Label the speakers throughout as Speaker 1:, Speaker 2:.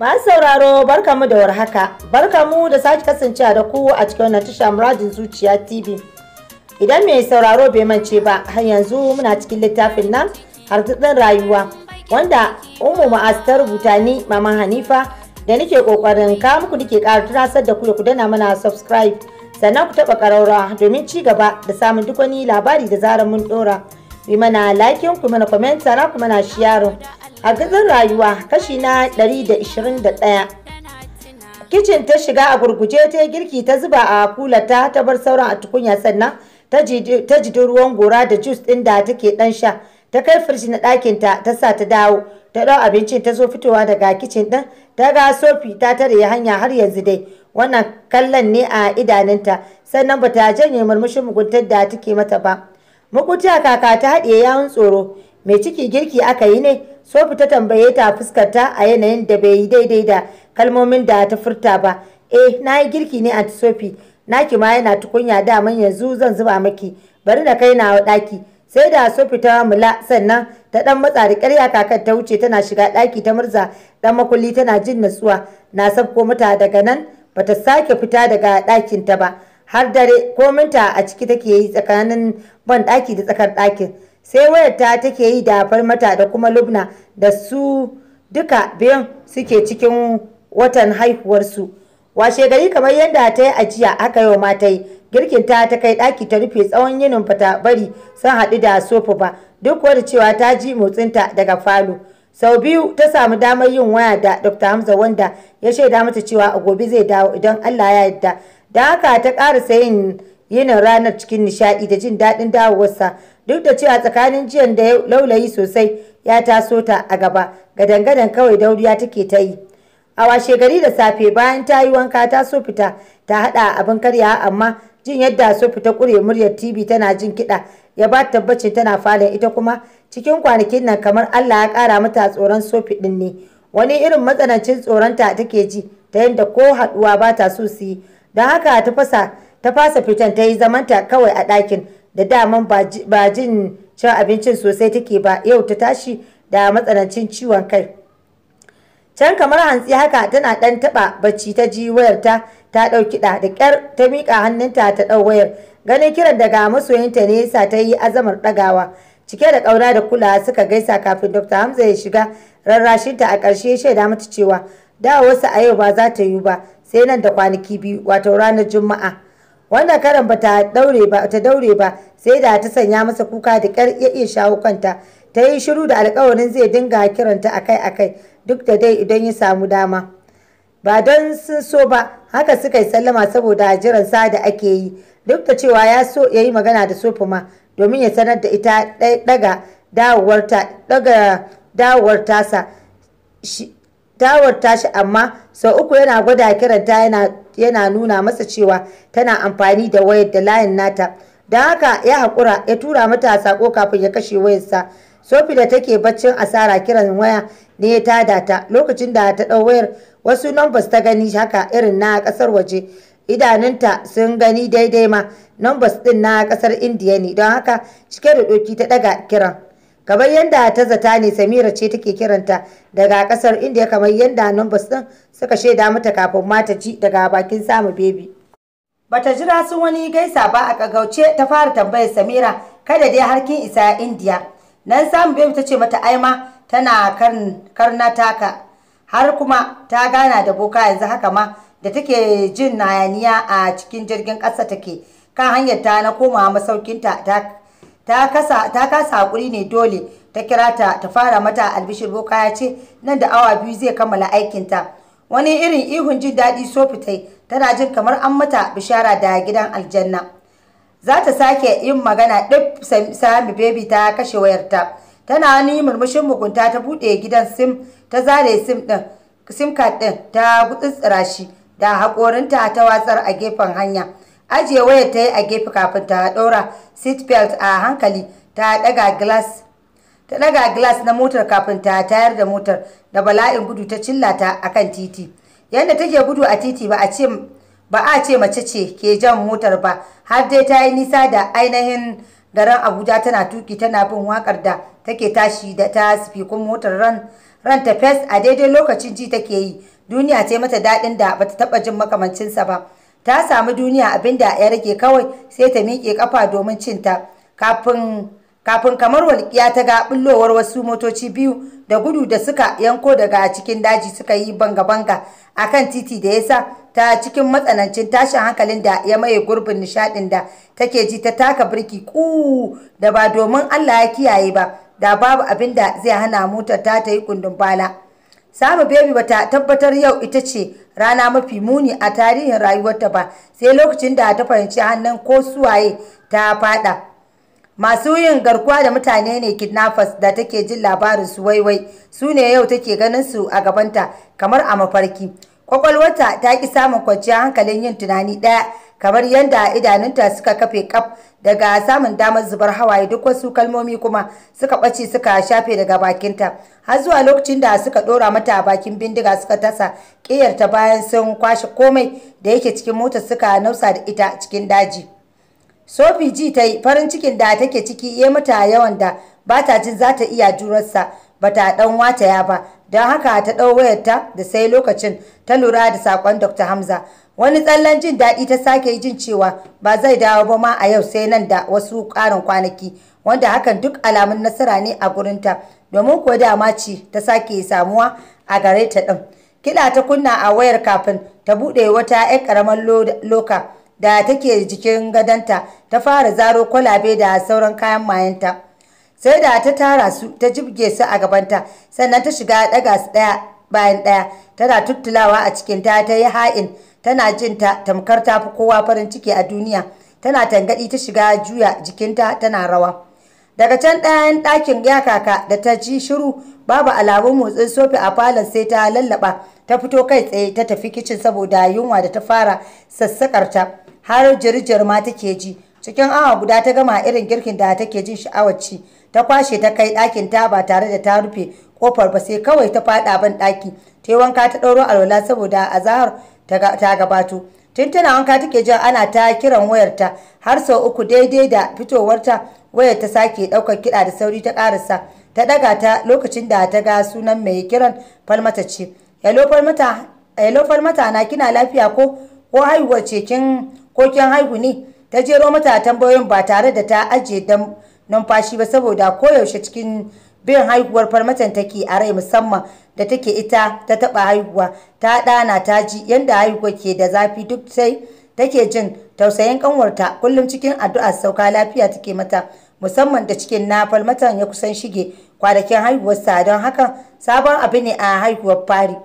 Speaker 1: Masu sauraro barkamu da warhaka, barkamu da sake kasancewa da ku a cikin wannan tasha muradin zuciya TV. Idan mai sauraro bai mance ba, har yanzu muna cikin littafin nan hartsitsin rayuwa wanda umu Ma'az ta rubuta ni Mama Hanifa da nake kokarin ka muku nike ƙara tunasar da ku da ku dana mana subscribe sannan ku taɓa ƙaraura domin ci gaba da samun duk wani labari da zarar mun ɗora. Ku mana like ku mana comment, sannan ku mana sharing. a gizin rayuwa kashi na 121 kicin ta shiga a gurguje ta girki ta zuba a kulata ta bar sauran a tukunya sannan ta ji ruwan gora da jus ɗin da take ɗan sha ta kai firji na ɗakinta ta sa ta dawo ta ɗau abincin ta zo fitowa daga kicin ɗin ta ga sofi ta tare hanya har yanzu dai wannan kallon ne a idanunta sannan ba ta janye murmushin muguntar da take mata ba mukuta kaka ta haɗiye yawon tsoro mai ciki girki aka yi ne Sofi ta tambaye ta fuskarta a yanayin da bai yi daidai da kalmomin da ta furta ba. Eh, na yi girki ne aunty Sofi, naki ma yana tukunya daman yanzu zan zuba maki, bari na kai na ɗaki. Sai da Sofi ta mula sannan ta ɗan matsa da ƙarya kakar ta wuce tana shiga ɗaki ta murza ɗan makulli tana jin natsuwa na sabko mata daga nan bata sake fita daga ɗakinta ba. Har dare kominta a ciki take yi tsakanin ban ɗaki da tsakar ɗakin. sai wayar ta take yi da farmata da kuma lubna da su duka biyan suke cikin watan haihuwarsu washe gari kamar yadda ta yi ajiya aka yi wa mata yi girkin ta ta kai daki ta rufe tsawon yinin fata bari sun haɗu da sofa ba duk wadda cewa ta ji motsinta daga falo sau biyu ta samu damar yin waya da dr hamza wanda ya shaida mata cewa a gobe zai dawo idan allah ya yarda da haka ta ƙarasa yin yinin ranar cikin nishaɗi da jin daɗin dawowarsa duk da cewa tsakanin jiyan da laulayi sosai ya taso ta a gaba ga gadangadan kawai dauriya take ta yi a washe gari da safe bayan ta yi wanka ta so fita ta hada abin karya amma jin yadda so fita kure muryar tv tana jin kiɗa ya ba tabbacin tana falon ita kuma cikin kwanakin nan kamar allah ya kara mata tsoron sofi din ne wani irin matsanancin tsoronta take ji ta yadda ko haduwa ba ta so su yi don haka ta ta fasa fitan ta yi zamanta kawai a ɗakin da daman ba jin cin abincin sosai take ba yau ta tashi da matsanancin ciwon kai can kamar hantsi haka tana dan taba bacci ta ji wayarta ta ɗauki dauki da kyar ta mika hannunta ta dau wayar ganin kiran daga masoyinta ne yasa ta yi azamar dagawa cike da ƙauna da kula suka gaisa kafin dr hamza ya shiga rarrashinta a ƙarshe ya shaida mata cewa wasu a yau ba za ta yi ba sai nan da kwanaki biyu wato ranar juma'a wannan karan ba ta daure ba ta daure ba sai da ta sanya masa kuka da kyar ya iya shawo kanta ta yi shiru da alkawarin zai dinga kiranta akai-akai duk da dai idan ya samu dama ba don sun so ba haka suka yi sallama saboda jiran sa da ake yi duk da cewa ya so ya yi magana da sofuma domin ya sanar da ita daga dawowar tasa tawar tashi amma sau uku yana gwada kiranta yana, yana nuna masa cewa tana amfani da wayar da layin nata don haka ya haƙura ya tura mata saƙo kafin ya kashe wayarsa sofi da take baccin asara kiran waya ne ya tada ta lokacin da ta ɗau wayar wasu numbers ta gani haka irin na ƙasar waje idanunta sun gani daidai ma numbers ɗin na ƙasar indiya ne don haka cike da ɗoki ta ɗaga kiran kamar yadda ta zata ne samira ce take kiranta daga kasar india kamar yadda numbers din suka shaida mata kafin mata ji daga bakin samu bebi bata jira sun wani gaisa ba a kagauce ta fara tambayar samira kada dai har kin isa india nan samu bebi ta ce mata aima tana taka har kuma ta gana da boka yanzu haka ma da take jin hayaniya a cikin jirgin ƙasa take kan hanyar ta na komawa masaukinta ta ta kasa hakuri ne dole ta kira ta ta fara mata albishir boka ya ce nan da awa biyu zai kammala aikinta wani irin ihun jin daɗi so fitai tana jin kamar an mata bishara da gidan aljanna za ta sake yin magana duk sami baby ta kashe wayarta tana wani murmushin mugunta ta buɗe gidan sim ta zare sim ɗin sim card ɗin ta gutsitsira shi da haƙorinta ta watsar a gefen hanya ajiye wayar ta yi a gefe kafin ta ɗora seatbelt a hankali ta ɗaga glass ta ɗaga glass na motar kafin ta tayar da motar da bala'in gudu ta cillata a kan titi yadda take gudu a titi ba a ce ba a ce mace ce ke jan motar ba har dai ta yi nisa da ainihin garin abuja tana tuki tana bin wakar da take tashi da ta sifikun motar ran ran ta fes a daidai lokacin ji take yi duniya ce mata daɗin da bata taɓa jin makamancinsa ba ta samu duniya abinda ya rage kawai sai ta miƙe kafa domin cinta kafin kafin kamar walƙiya ta ga bullowar wasu motoci biyu da gudu da suka yanko daga cikin daji suka yi banga-banga a kan titi da yasa ta cikin matsanancin tashin hankalin da ya maye gurbin nishaɗin da take ji ta taka birki ku da ba domin Allah ya kiyaye ba da babu abin da zai hana motar ta ta yi kundin bala. Samu Baby bata tabbatar yau ita ce rana mafi muni a tarihin rayuwarta ba sai lokacin da ta fahimci hannun ko suwaye ta fada. Masu yin garkuwa da mutane ne kidnappers da take jin labarin su waiwai su ne yau take ganin su a gabanta kamar a mafarki. Kwakwalwarta ta ki samun kwanciyar hankalin yin tunani ɗaya kamar yadda idanunta suka kafe kaf daga samun damar zubar hawaye duk wasu kalmomi kuma suka ɓace suka shafe daga bakinta har zuwa lokacin da suka ɗora mata bakin bindiga suka tasa ƙiyarta bayan sun kwashe komai da yake cikin mota suka nausa da ita cikin daji. Sophie ji ta yi farin cikin da take ciki ya mata yawan da ba ta jin za ta iya jurarsa bata dan wataya ba don haka ta ɗau wayarta da sai lokacin ta lura da sakon dr hamza wani tsallan jin daɗi ta sake jin cewa ba zai dawo ba ma a yau sai nan da wasu ƙarin kwanaki wanda hakan duk alamun nasara ne a gurinta domin kuwa dama ce ta sake samuwa a gare ta ɗin kiɗa ta kunna a wayar kafin ta buɗe wata 'yar karaman loka da take jikin gadonta ta fara zaro kwalabe da sauran kayan mayanta. sai da ta tara su ta jibge su a gabanta sannan ta shiga ɗaga su ɗaya bayan ɗaya tana tuttulawa a cikin ta ta yi ha'in tana jin ta tamkar ta fi kowa farin ciki a duniya tana tangaɗi ta shiga juya jikinta tana rawa daga can ɗayan ɗakin ya kaka da ta ji shiru babu alamun motsin sofi a falon sai ta lallaba ta fito kai tsaye ta tafi kicin saboda yunwa da ta fara sassakarta har jirjir ma take ji cikin awa guda ta gama irin girkin da take jin sha'awar ci ta kwashe ta kai ɗakin ta ba tare da ta rufe kofar ba sai kawai ta faɗa ban ɗaki ta yi wanka ta ɗauro alwala saboda azahar ta gabato tun tana wanka take jin ana ta kiran wayarta har sau uku daidai da fitowarta wayar ta sake ɗaukar kiɗa da sauri ta ƙarasa ta ɗaga ta lokacin da ta ga sunan mai kiran falmata ce yalo falmata na kina lafiya ko ko haihuwar ce kin ko kin haihu ne ta jero mata tambayoyin ba tare da ta ajiye numfashi ba saboda koyaushe cikin bin haihuwar farmatan take a rai musamman da take ita ta taba haihuwa ta dana ta ji yadda haihuwa ke da zafi duk sai take jin tausayin kanwarta kullum cikin addu'a sauka lafiya take mata musamman da cikin na falmatan ya kusan shige kwanakin sa don hakan sabon abu ne a haihuwar fari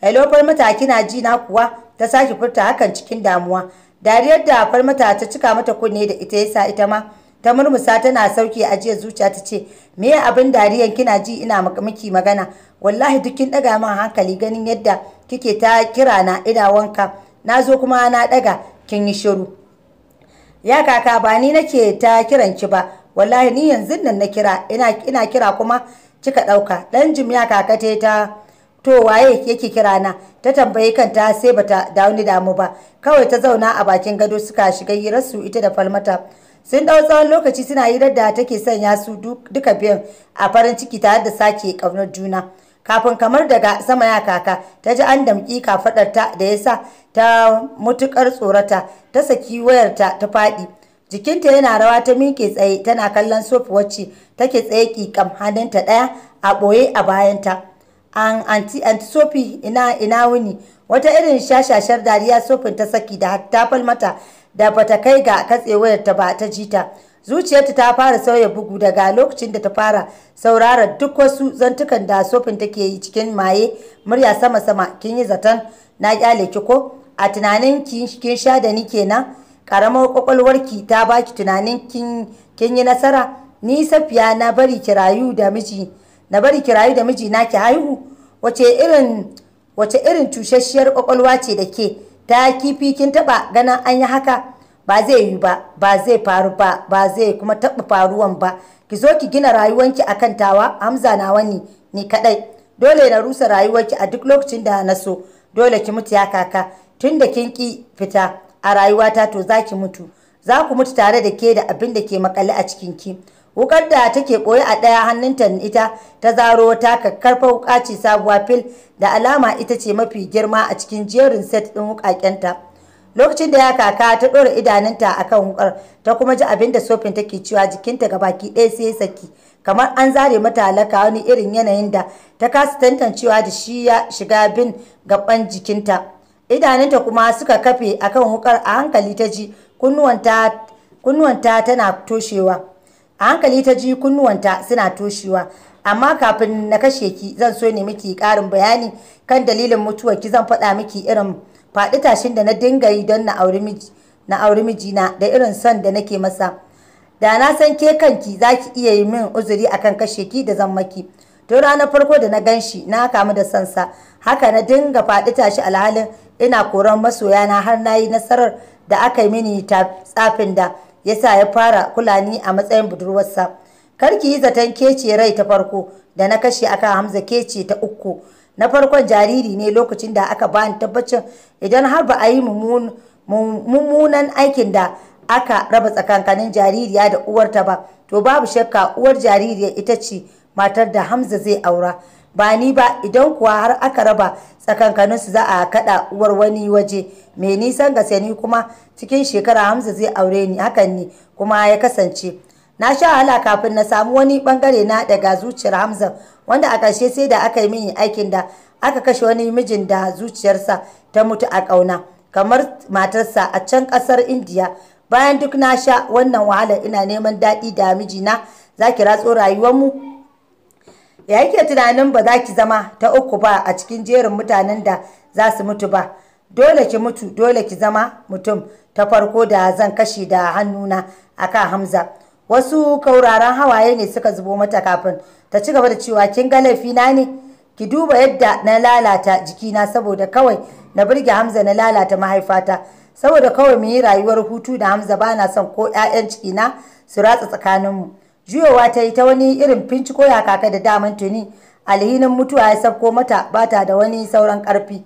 Speaker 1: hello farmata kina ji na kuwa ta sake furta hakan cikin damuwa dariyar da farmata ta cika mata kunne da ita yasa ita ma ta murmusa tana sauki a jiya zuciya ta ce me abin dariyan kina ji ina miki magana wallahi duk kin daga min hankali ganin yadda kike ta kira na ina wanka na zo kuma na daga kin yi shiru ya kaka ba ni nake ta kiran ki ba wallahi ni yanzu nan na kira ina ina kira kuma kika dauka dan jim ya kaka ta ta to waye yake kira na ta tambayi kanta sai bata dauni damu ba kawai ta zauna a bakin gado suka shiga hirarsu ita da falmata sun ɗau tsawon lokaci suna hirar da take sanya su duka biyan a farin ciki tare da sake ƙaunar juna kafin kamar daga sama ya kaka ta ji an damƙi kafaɗarta da ya sa ta mutuƙar tsorata ta saki wayarta ta faɗi jikinta yana rawa ta miƙe tsaye tana kallon sofi wacce take tsaye ƙiƙam hannunta ɗaya a ɓoye a bayanta an anti anti sofi ina ina wuni wata irin shashashar dariya sofin ta saki da ta mata da bata kai ga katsewar ta ba ta jita zuciyarta ta fara sauya bugu daga lokacin da ta fara sauraron duk wasu zantukan da sofin take yi cikin maye murya sama sama kin yi zaton na kyale ki ko a tunanin kin sha da ni kenan karamar kwakwalwarki ta baki tunanin kin yi nasara ni safiya na bari ki rayu da miji na bari ki da miji na ki haihu wace irin wace irin kwakwalwa ce da ke ta kifi kin taba ganin an yi haka ba zai yi ba ba zai faru ba ba zai kuma taba faruwan ba ki zo ki gina rayuwanki akan tawa hamza na wani ni kadai dole na rusa rayuwarki a duk lokacin da na so dole ki mutu ya kaka tun da kin ki fita a rayuwata to za ki mutu za ku mutu tare da ke da abin da ke makale a cikin ki wukar da take ɓoye a ɗaya hannunta ita ta zaro ta kakkarfa wuka ce sabuwa fil da alama ita ce mafi girma a cikin jerin set ɗin wukakenta lokacin da ya kaka ta ɗora idanunta akan wukar ta kuma ji abin da sofin take cewa jikinta ga baki ɗaya sai saki kamar an zare mata alaka wani irin yanayin da ta kasa tantancewa da shi ya shiga bin gaban jikinta idanunta kuma suka kafe akan wukar a hankali ta ji kunnuwanta tana toshewa a hankali ta ji kunnuwanta suna toshewa amma kafin na kashe ki zan so ne miki karin bayani kan dalilin mutuwar ki zan faɗa miki irin faɗi tashin da na dinga yi don na auri mijina da irin son da nake masa da na san ke kanki za ki iya yi min uzuri akan kashe ki da zan maki to ranar farko da na gan shi na kamu da sansa haka na dinga faɗi tashi alhalin ina koran na har na yi nasarar da aka yi mini tsafin da yasa ya fara kulani a matsayin budurwarsa kar ki yi zaton kece rai ta farko da na kashe akan hamza kece ta uku na farkon jariri ne lokacin da aka bani tabbacin idan har ba a yi mummunan aikin da aka raba tsakankanin jaririya da uwarta ba to babu shakka uwar jaririyar ita ce matar da hamza zai aura ba ni ba idan kuwa har aka raba su za a kaɗa uwar wani waje mai nisan ga sani kuma cikin shekara hamza zai aure ni hakan ne kuma ya kasance na sha wahala kafin na samu wani bangare na daga zuciyar hamza wanda a ƙarshe sai da aka yi mini aikin da aka kashe wani mijin da zuciyarsa ta mutu a ƙauna kamar matarsa a can ƙasar indiya bayan duk na sha wannan wahalar ina neman daɗi da mijina za ki ratso mu. ya yake tunanin ba za ki zama ta uku ba a cikin jerin mutanen da za su mutu ba dole ki mutu dole ki zama mutum ta farko da zan kashe da hannuna akan hamza wasu kauraren hawaye ne suka zubo mata kafin ta ci gaba da cewa kin ga laifina ne ki duba yadda na lalata jikina saboda kawai na burge hamza na lalata mahaifata saboda kawai mu yi rayuwar hutu da hamza ba na son ko 'ya'yan cikina su ratsa tsakaninmu juyowa ta yi ta wani irin finciko ya kaka da daman tuni alhinin mutuwa ya sabko mata bata da wani sauran karfi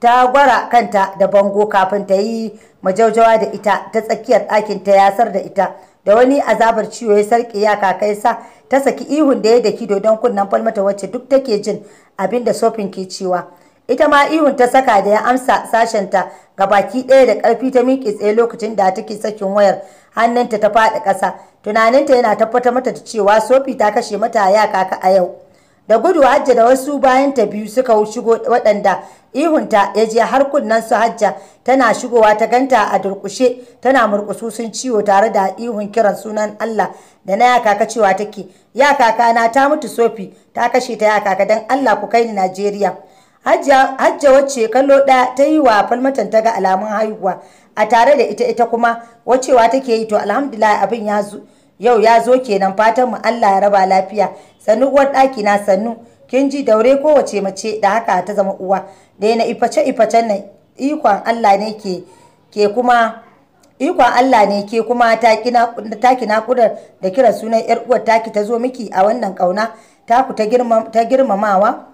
Speaker 1: ta gwara kanta da bango kafin ta yi majaujawa da ita ta tsakiyar ɗakin ta yasar da ita da wani azabar ciwo ya sarki ya kaka sa ta saki ihun da ya daki dodon kunnan falmata wacce duk take jin abin da sofin ke cewa ita ma ihun ta saka da ya amsa sashenta ga baki ɗaya da ƙarfi ta miƙe tsaye lokacin da take sakin wayar hannunta ta faɗi ƙasa tunaninta yana tabbatar mata da cewa sofi ta kashe mata ya kaka a yau da gudu hajja da wasu bayan ta biyu suka shigo waɗanda ihunta ya je har kunnen su hajja tana shigowa ta ganta a durƙushe tana murƙusu sun ciwo tare da ihun kiran sunan Allah da na yakaka cewa take ya kaka na ta mutu sofi ta kashe ta ya kaka dan Allah ku kai ni Najeriya hajja wacce kallo ɗaya ta yi wa falmatan ta ga alamun haihuwa a tare da ita ita kuma wacewa take yi to alhamdulillah abin ya zo yau ya zo kenan fatan mu Allah ya raba lafiya sannu uwar ɗaki na sannu kin ji daure kowace mace da haka ta zama uwa da na iface iface nan ikon Allah ne ke ke kuma ikon Allah ne ke kuma kina da kira sunan yar uwar taki ta zo miki a wannan kauna taku ta girmamawa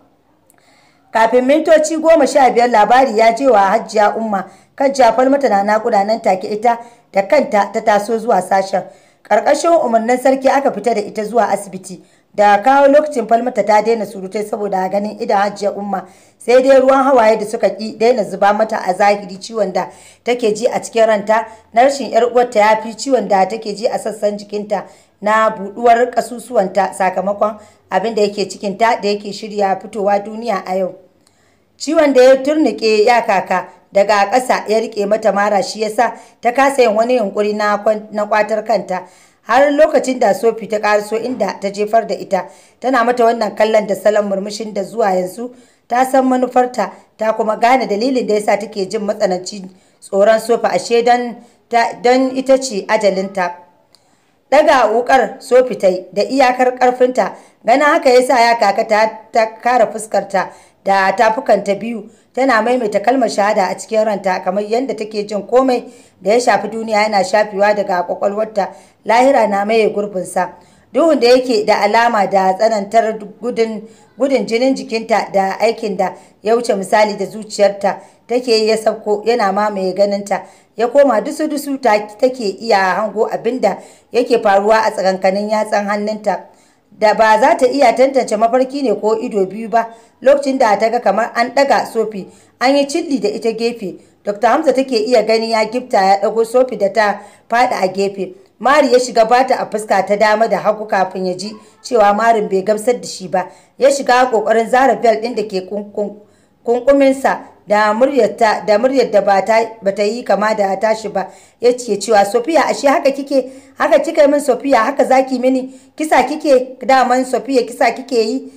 Speaker 1: kafin mintoci goma sha biyar labari ya je wa hajjiya umma kan jafar mata na naƙuda nan take ita da kanta ta taso zuwa sashen karkashin umarnin sarki aka fita da ita zuwa asibiti da kawo lokacin falmata ta daina surutai saboda ganin idan hajjiya umma sai dai ruwan hawaye da suka ki daina zuba mata a zahiri ciwon da take ji a cikin ranta na rashin yar uwarta ya fi ciwon da take ji a sassan jikinta na buduwar kasusuwanta sakamakon abin da yake cikinta da yake shirya fitowa duniya a yau ciwon da ya turnuke ya kaka daga ƙasa ya rike mata mara shi yasa ta kasa yin wani yunkuri na kwatar kanta har lokacin da sofi ta karso inda ta jefar da ita tana mata wannan kallon da salon murmushin da zuwa yanzu ta san manufarta ta kuma gane dalilin da yasa take jin matsananci tsoron sofi ashe don ita ce ajalinta. daga wukar sofitai da iyakar karfinta gana haka yasa ya kaka ta, ta kara fuskarta da tafukanta biyu tana maimaita kalmar shahada a cikin ranta kamar yadda take jin komai da ya shafi duniya yana shafewa daga kwakwalwarta lahira na maye gurbinsa duhun da yake da alama da tsanantar gudun, jinin jikinta da aikin da ya wuce misali da zuciyarta take ya sauko yana mamaye ganinta ya koma dusu-dusu take iya hango abin da yake faruwa a tsakankanin yatsan hannunta da ba za ta iya tantance mafarki ne ko ido biyu ba lokacin da ta ga kamar an ɗaga sofi an yi cilli da ita gefe dr hamza take iya gani ya gifta ya ɗago sofi da ta faɗi a gefe mari ya shiga bata a fuska ta dama da hagu kafin ya ji cewa marin bai gamsar da shi ba ya shiga kokarin zara bel ɗin da ke kunkuminsa da muryar da ba ta yi kama da tashi ba ya ce cewa sofiya ashe haka kike haka kike min sofiya haka zaki mini kisa kike daman sofiya kisa kike yi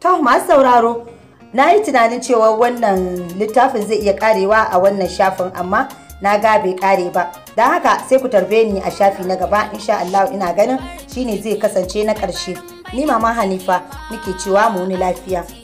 Speaker 1: ta ma sauraro na yi tunanin cewa wannan littafin zai iya karewa a wannan shafin amma na ga bai kare ba don haka sai ku tarbe ni a shafi na gaba insha Allah ina ganin shine zai kasance na karshe ni mama Hanifa nake cewa mu ni lafiya